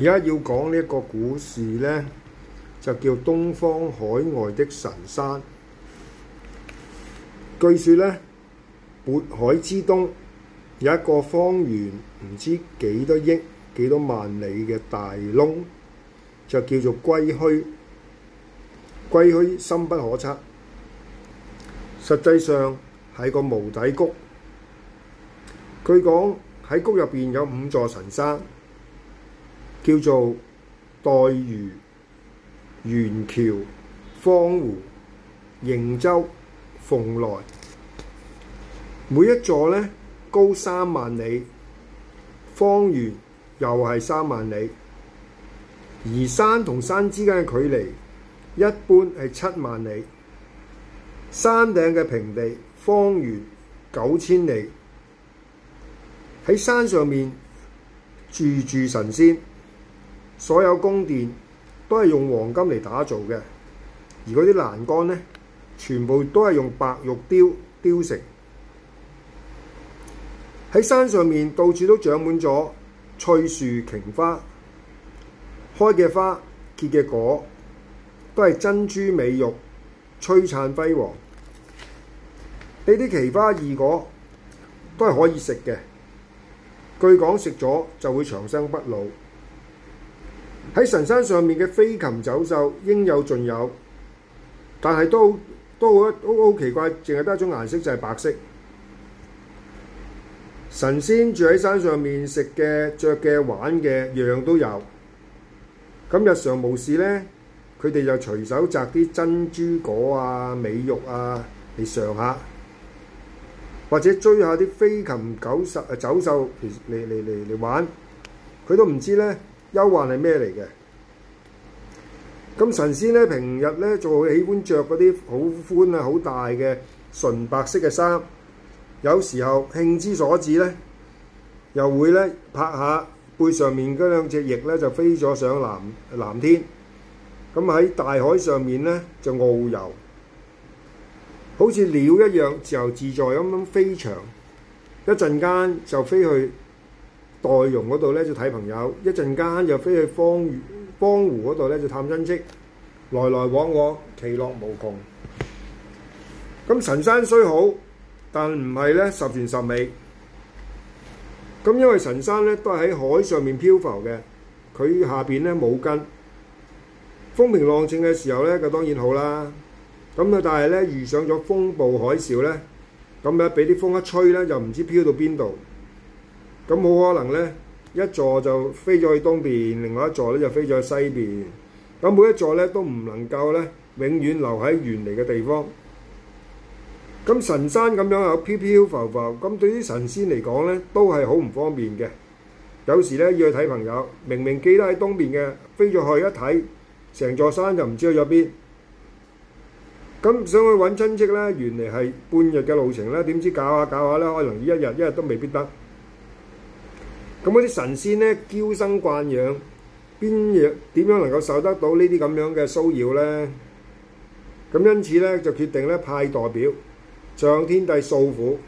而家要講呢一個故事呢，就叫東方海外的神山。據說呢，渤海之東有一個方圓唔知幾多億、幾多萬里嘅大窿，就叫做歸墟。歸墟深不可測，實際上係個無底谷。據講喺谷入邊有五座神山。叫做岱輿、員嶠、方壺、瀛洲、蓬萊，每一座呢，高三萬里，方圓又係三萬里，而山同山之間嘅距離一般係七萬里，山頂嘅平地方圓九千里，喺山上面住住神仙。所有宮殿都係用黃金嚟打造嘅，而嗰啲欄杆呢，全部都係用白玉雕雕成。喺山上面，到處都長滿咗翠樹瓊花，開嘅花、結嘅果，都係珍珠美玉，璀璨輝煌。呢啲奇花異果都係可以食嘅，據講食咗就會長生不老。喺神山上面嘅飛禽走獸，應有盡有，但係都都好好奇怪，淨係得一種顏色，就係白色。神仙住喺山上面，食嘅、着嘅、玩嘅，樣樣都有。咁日常無事咧，佢哋就隨手摘啲珍珠果啊、美玉啊嚟嘗下，或者追下啲飛禽走獸啊走獸嚟嚟嚟嚟玩，佢都唔知咧。憂患係咩嚟嘅？咁神仙咧平日咧就會喜歡着嗰啲好寬啊、好大嘅純白色嘅衫。有時候興之所至咧，又會咧拍下背上面嗰兩隻翼咧就飛咗上藍藍天。咁喺大海上面咧就遨遊，好似鳥一樣自由自在咁樣飛翔。一陣間就飛去岱容嗰度咧就睇朋友，一陣間又飛去方湖、方湖嗰度咧就探親戚，來來往往，其樂無窮。咁神山雖好，但唔係咧十全十美。咁因為神山咧都係喺海上面漂浮嘅，佢下邊咧冇根。風平浪靜嘅時候咧，就當然好啦。咁啊，但係咧遇上咗風暴海嘯咧，咁樣俾啲風一吹咧，就唔知漂到邊度。咁好可能咧，一座就飛咗去東邊，另外一座咧就飛咗去西邊。咁每一座咧都唔能夠咧永遠留喺原嚟嘅地方。咁神山咁樣又飄飄浮浮，咁對於神仙嚟講咧都係好唔方便嘅。有時咧要去睇朋友，明明記得喺東邊嘅，飛咗去一睇，成座山就唔知去咗邊。咁想去搵親戚咧，原嚟係半日嘅路程咧，點知搞下搞下咧，可能呢一日一日都未必得。咁嗰啲神仙咧，嬌生慣養，邊樣點樣能夠受得到這這呢啲咁樣嘅騷擾咧？咁因此咧，就決定咧派代表向天帝訴苦。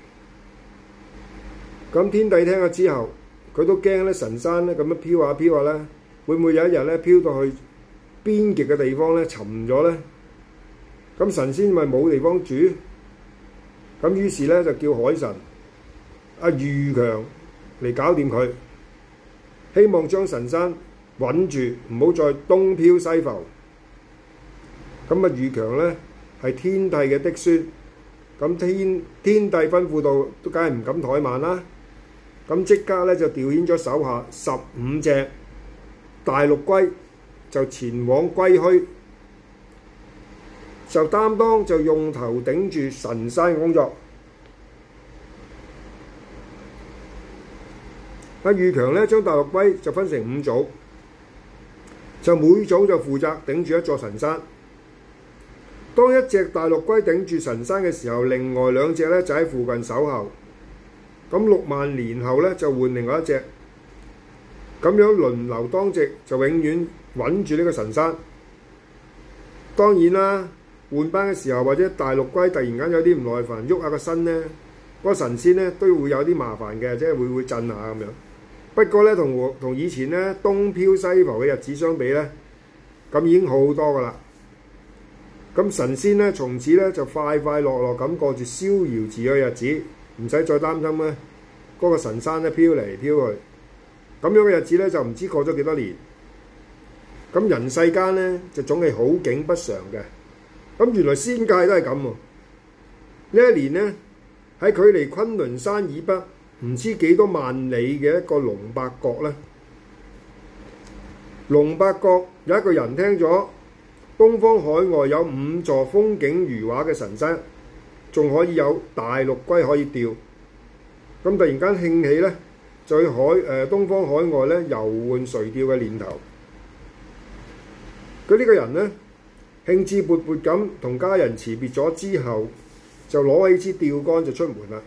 咁天帝聽咗之後，佢都驚咧神山咧咁樣飄下飄下咧，會唔會有一日咧飄到去邊極嘅地方咧沉咗咧？咁神仙咪冇地方住，咁於是咧就叫海神阿禺強。啊御強嚟搞掂佢，希望將神山穩住，唔好再東漂西浮。咁啊，宇強咧係天帝嘅嫡孫，咁天天帝吩咐到，都梗係唔敢怠慢啦。咁即刻咧就調遣咗手下十五隻大陸龜，就前往歸墟，就擔當就用頭頂住神山嘅工作。阿禺強咧，將大陸龜就分成五組，就每組就負責頂住一座神山。當一隻大陸龜頂住神山嘅時候，另外兩隻咧就喺附近守候。咁六萬年後咧就換另外一隻，咁樣輪流當值就永遠穩住呢個神山。當然啦，換班嘅時候或者大陸龜突然間有啲唔耐煩，喐下個身呢、嗰個身咧，嗰神仙咧都會有啲麻煩嘅，即係會會震下咁樣。不過咧，同同以前咧東漂西浮嘅日子相比咧，咁已經好好多㗎喇。咁神仙咧，從此咧就快快樂樂咁過住逍遙自在嘅日子，唔使再擔心咧嗰個神山咧飄嚟飄去。咁樣嘅日子咧，就唔知過咗幾多年。咁人世間咧，就總係好景不常嘅。咁原來仙界都係咁喎。呢一年咧，喺距離崑崙山以北。唔知幾多萬里嘅一個龍伯國咧，龍伯國有一個人聽咗東方海外有五座風景如畫嘅神山，仲可以有大陸龜可以釣，咁突然間興起咧，在海誒、呃、東方海外咧遊玩垂釣嘅念頭。佢呢個人呢，興致勃勃咁同家人辭別咗之後，就攞起支釣竿就出門啦。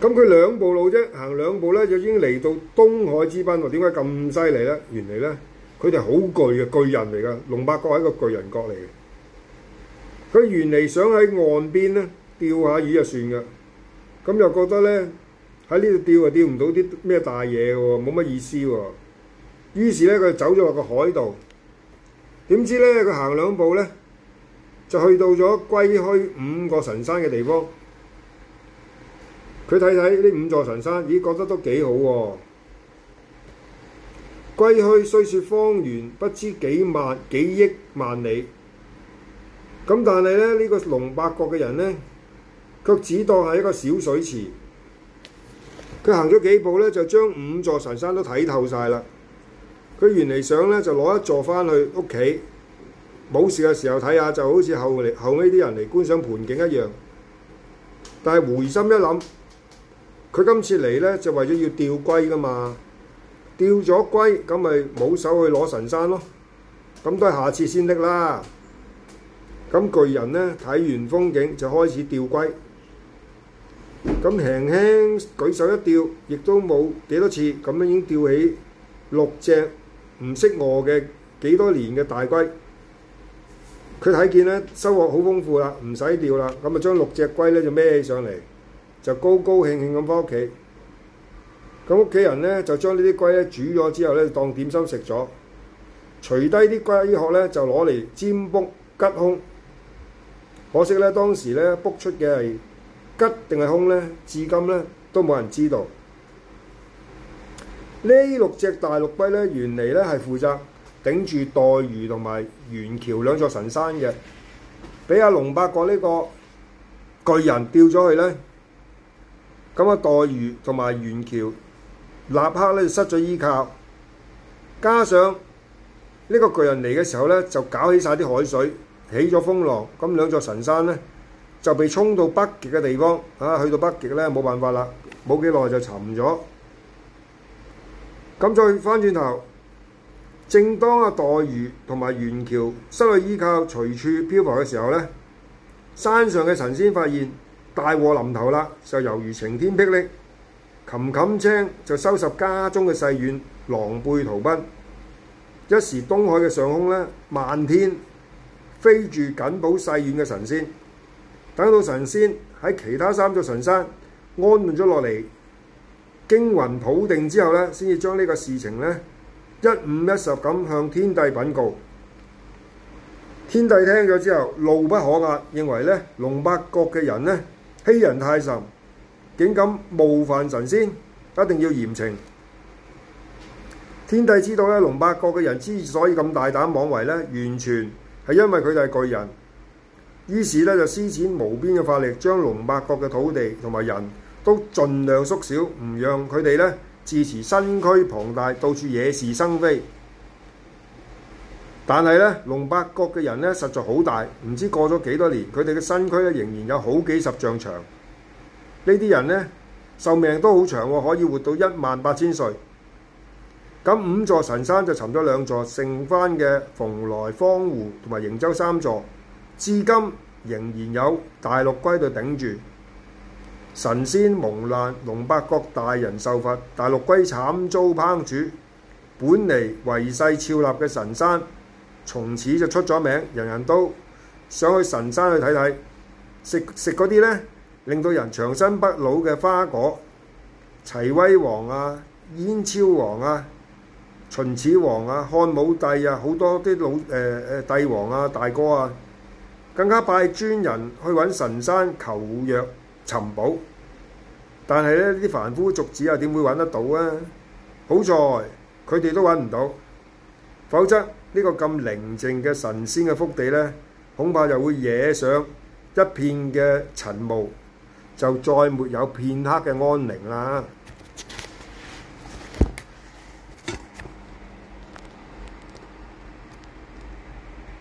咁佢兩步路啫，行兩步咧就已經嚟到東海之濱喎。點解咁犀利咧？原嚟咧，佢哋好巨嘅巨人嚟噶，龍伯國係一個巨人國嚟嘅。佢原嚟想喺岸邊咧釣下魚就算嘅，咁又覺得咧喺呢度釣就釣唔到啲咩大嘢喎，冇乜意思喎。於是咧佢就走咗落個海度，點知咧佢行兩步咧就去到咗歸墟五個神山嘅地方。佢睇睇呢五座神山，咦，覺得都幾好喎，啊。歸墟雖説方圓不知幾萬幾億萬里，咁但係咧呢、這個龍八國嘅人咧，卻只當係一個小水池。佢行咗幾步咧，就將五座神山都睇透晒啦。佢原嚟想咧就攞一座翻去屋企，冇事嘅時候睇下，就好似後嚟後尾啲人嚟觀賞盆景一樣。但係回心一諗，佢今次嚟咧就為咗要釣龜噶嘛，釣咗龜咁咪冇手去攞神山咯，咁都係下次先拎啦。咁巨人咧睇完風景就開始釣龜，咁輕輕舉手一釣，亦都冇幾多次咁樣已經釣起六隻唔識餓嘅幾多年嘅大龜。佢睇見咧收穫好豐富啦，唔使釣啦，咁啊將六隻龜咧就孭起上嚟。就高高興興咁翻屋企，咁屋企人咧就將呢啲龜咧煮咗之後咧當點心食咗，除低啲龜殼咧就攞嚟占卜吉兇。可惜咧當時咧卜出嘅係吉定係兇咧，至今咧都冇人知道。呢六隻大陸龜咧原嚟咧係負責頂住岱輿同埋員嶠兩座神山嘅，俾阿龍伯國呢個巨人掉咗去咧。咁啊，黛玉同埋元喬立刻咧失咗依靠，加上呢個巨人嚟嘅時候咧，就搞起晒啲海水，起咗風浪，咁兩座神山咧就被沖到北極嘅地方，啊，去到北極咧冇辦法啦，冇幾耐就沉咗。咁再翻轉頭，正當啊黛玉同埋元喬失去依靠，隨處漂浮嘅時候咧，山上嘅神仙發現大禍臨頭啦，就猶如晴天霹靂，擒擒青就收拾家中嘅細軟，狼狽逃奔。一時東海嘅上空呢，漫天飛住緊保細軟嘅神仙。等到神仙喺其他三座神山安頓咗落嚟，驚魂甫定之後呢，先至將呢個事情呢，一五一十咁向天帝禀告。天帝聽咗之後怒不可遏，認為呢龍伯國嘅人呢。欺人太甚，竟敢冒犯神仙，一定要嚴懲。天帝知道咧，龍八國嘅人之所以咁大膽妄為咧，完全係因為佢哋係巨人。於是咧，就施展無邊嘅法力，將龍八國嘅土地同埋人都盡量縮小，唔讓佢哋咧自持身軀龐大，到處惹是生非。但係咧，龍八國嘅人咧實在好大，唔知過咗幾多年，佢哋嘅身軀咧仍然有好幾十丈長。呢啲人咧壽命都好長，可以活到一萬八千歲。咁五座神山就沉咗兩座，剩返嘅蓬萊方湖同埋瀛洲三座，至今仍然有大陸龜喺度頂住。神仙蒙難，龍八國大人受罰，大陸龜慘遭烹煮。本嚟為世俏立嘅神山。從此就出咗名，人人都想去神山去睇睇，食食嗰啲咧，令到人長生不老嘅花果，齊威王啊、燕昭王啊、秦始皇啊、漢武帝啊，好多啲老誒、呃、帝王啊、大哥啊，更加拜專人去揾神山求藥尋寶。但係咧，啲凡夫俗子又點會揾得到啊？好在佢哋都揾唔到。否則，呢、這個咁寧靜嘅神仙嘅福地咧，恐怕又會惹上一片嘅塵霧，就再沒有片刻嘅安寧啦。